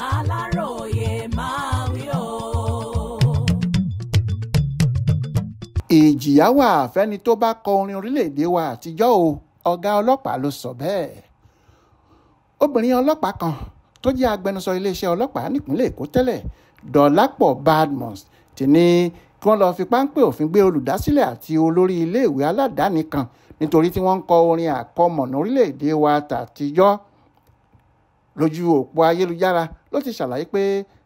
aláròye máa wí o. ìjìyà wà fẹ́ni tó bá kọ orin orílẹ̀-èdè wa àtijọ́ o ọ̀gá ọlọ́pàá ló sọ bẹ́ẹ̀ obìnrin ọlọ́pàá kan tó jẹ́ agbẹnusọ iléeṣẹ́ ọlọ́pàá nípínlẹ̀ èkó tẹ́lẹ̀ dọ̀lápọ̀ badmus ti ní kí wọ́n lọ́ọ́ fi páńpẹ́ òfin gbé olùdásílẹ̀ àti olórí iléèwé aládàáni kan nítorí tí wọ́n ń kọ orin àkọmọ̀nà orílẹ̀-èdè wa tàtijọ́ lójú òpó ayélujára ló ti ṣàlàyé pé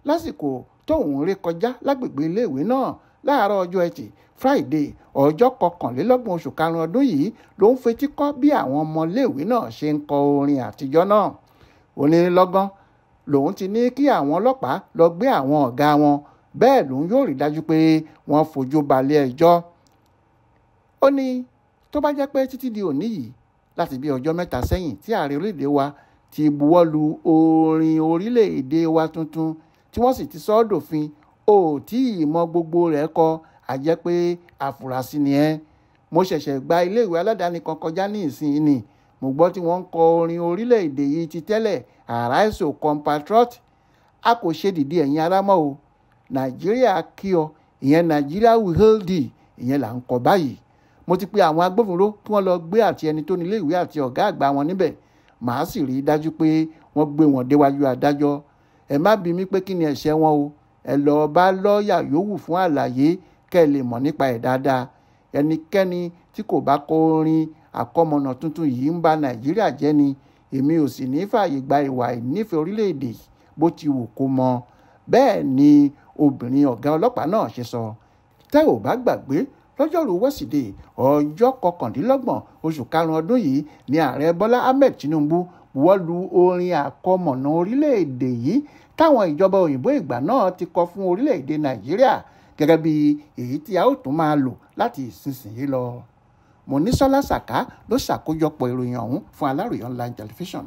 lásìkò tóun ré kọjá lágbègbè iléèwé náà láàárọ̀ ọjọ́ ẹtì friday ọjọ́ kọkànlélọ́gbọ̀n oṣù karùn-ún ọdún yìí ló ń fetí kọ́ bí àwọn ọmọléèwé náà ṣe ń kọ orin àtijọ́ náà onírínlọ́gán lòun ti ní kí àwọn ọlọ́pàá lọ gbé àwọn ọ̀gá wọn bẹ́ẹ̀ lòun yóò rí dájú pé wọ́n fojú balẹ̀ ẹjọ́ ó ní tó bá jẹ́ pé títí di òní yìí láti bí ọjọ́ mẹ́ta sẹ́yìn tí ààrẹ orílẹ̀-èdè wa ti buwọ́lu orin orílẹ̀-èdè wa tuntun tí wọ́n sì ti sọ ọ́ dòfin ò tí ì mọ gbogbo rẹ̀ kọ àjẹ́ pé àfúrásì ni ẹ́ mo ṣẹ̀ṣẹ̀ gba iléèwé aládàáni kan kọjá ní ìsinyìí ni mo gbọ́ tí wọ́n ń kọ orin orílẹ̀-èdè yìí ti tẹ́lẹ̀ arise o compatriot a kò ṣe dìde ẹ̀yin arámọ́ o nàìjíríà kí ọ ìyẹn nàìjíríà will hail thee ìyẹn là ń kọ báyìí mo ti pe àwọn agbófinró kí wọ́n lọ gbé àti ẹni tó nílé ìwé àti ọ̀gá àgbà wọn níbẹ̀ màá sì rí i dájú pé wọ́n gbé wọn déwájú adájọ́ ẹ má bi mí pé kí ni ẹ̀ṣẹ̀ wọn o ẹ lọ́ọ́ bá lọ́ọ̀yà yòówù fún àlàyé kẹ́ ẹ lè mọ̀ nípa ẹ̀ dáadáa ẹnikẹ́ni tí kò bá kọ orin àkọmọ̀nà tuntun yìí ń ba nàìjíríà jẹ́ ni èmi ò sì ní fààyè gba ìwà ìnífẹ̀ẹ́ orílẹ̀-èdè bó ti wù kó mọ bẹ́ẹ̀ ni obìnrin ọ̀gá ọlọ́pàá náà ṣe sọ tẹ́ ò bá gbàgbé lọ́jọ́rùú wẹ́sídẹ̀ẹ́ ọjọ́ kọkàndínlọ́gbọ̀n oṣù karùn-ún ọdún yìí ni ààrẹ bọ́lá ahmed tinubu buwọ́lu orin àkọmọ̀nà orílẹ̀-èdè yìí táwọn ìjọba òyìnbó ìgbà náà ti kọ fún orílẹ̀-èdè nàìjíríà gẹ́gẹ́ bí èyí tí a ó tún máa lò láti ìsinsìnyí lọ. mọ̀nísọ́lá sàká ló ṣàkójọpọ̀ ìròyìn ọ̀hún fún aláròyìn online television.